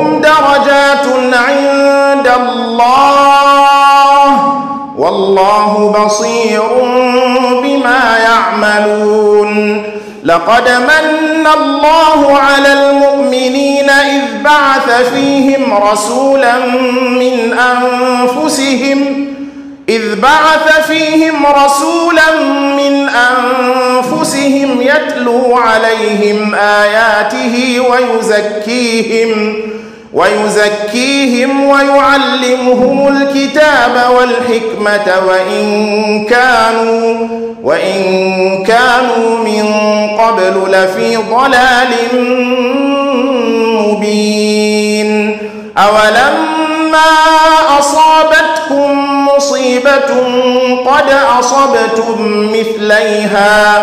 هم درجات عند الله والله بصير بما يعملون لقد من الله على المؤمنين إذ بعث فيهم رسولا من أنفسهم إذ بعث فيهم رسولا من أنفسهم يتلو عليهم آياته ويزكيهم ويزكيهم ويعلمهم الكتاب والحكمة وإن كانوا وإن كانوا من قبل لفي ضلال مبين أولما أصابتكم مصيبة قد أصبتم مثليها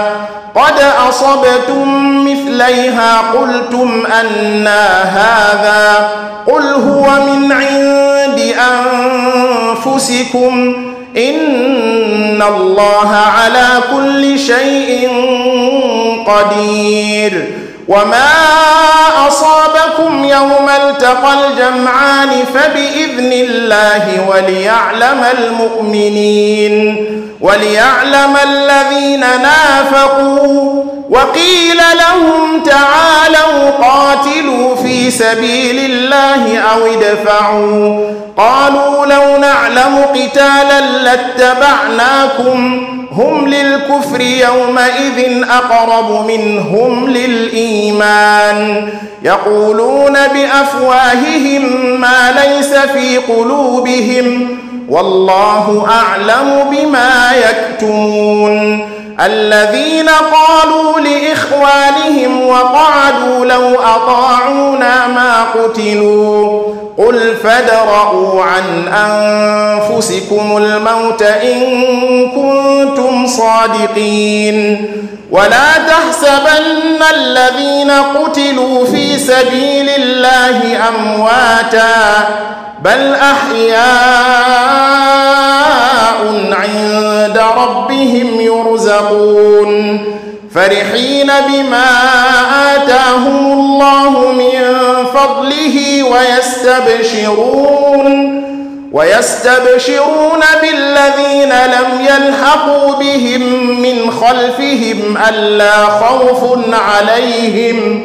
قد أصبتم مثليها قلتم أنا هذا قل هو من عند أنفسكم إن الله على كل شيء قدير وما أصابكم يوم التقى الجمعان فبإذن الله وليعلم المؤمنين وليعلم الذين نافقوا وقيل لهم تعالوا قاتلوا في سبيل الله أو ادفعوا قالوا لو نعلم قتالا لاتبعناكم هم للكفر يومئذ أقرب منهم للإيمان يقولون بأفواههم ما ليس في قلوبهم والله أعلم بما يكتمون الذين قالوا لإخوانهم وقعدوا لو أطاعونا ما قتلوا قل فادرءوا عن أنفسكم الموت إن كنتم صادقين ولا تحسبن الذين قتلوا في سبيل الله أمواتا بل أحياء عند ربهم يرزقون فرحين بما آتاهم الله من فضله ويستبشرون ويستبشرون بالذين لم يلحقوا بهم من خلفهم ألا خوف عليهم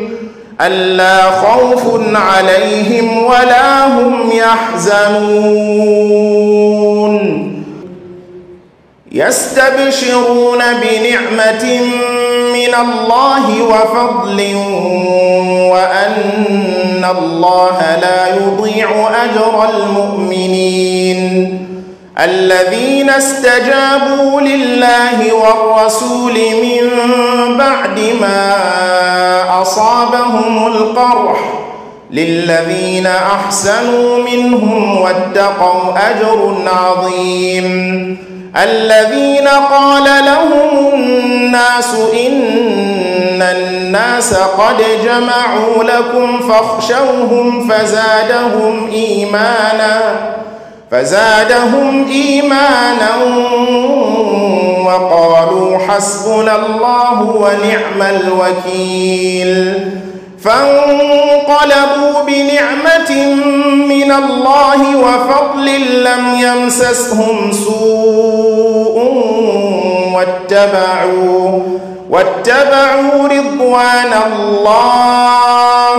ألا خوف عليهم ولا هم يحزنون يستبشرون بنعمة من الله وفضل وأن الله لا يضيع أجر المؤمنين الذين استجابوا لله والرسول من بعد ما أصابهم القرح للذين أحسنوا منهم واتقوا أجر عظيم الذين قال لهم الناس إن الناس قد جمعوا لكم فاخشوهم فزادهم إيماناً فزادهم إيمانا وقالوا حسبنا الله ونعم الوكيل فانقلبوا بنعمة من الله وفضل لم يمسسهم سوء واتبعوا واتبعوا رضوان الله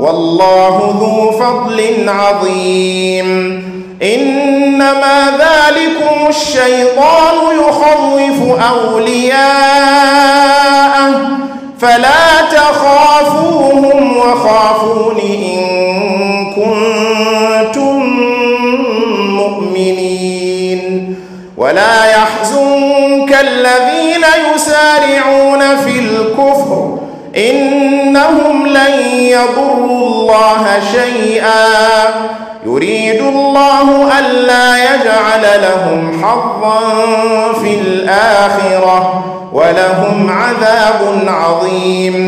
والله ذو فضل عظيم إنما ذلكم الشيطان يخوف أولياءه فلا تخافوهم وخافون إن كنتم مؤمنين ولا يحزنك الذين يسارعون في الكفر إنهم لن يضروا الله شيئا يريد الله ألا يجعل لهم حظا في الآخرة ولهم عذاب عظيم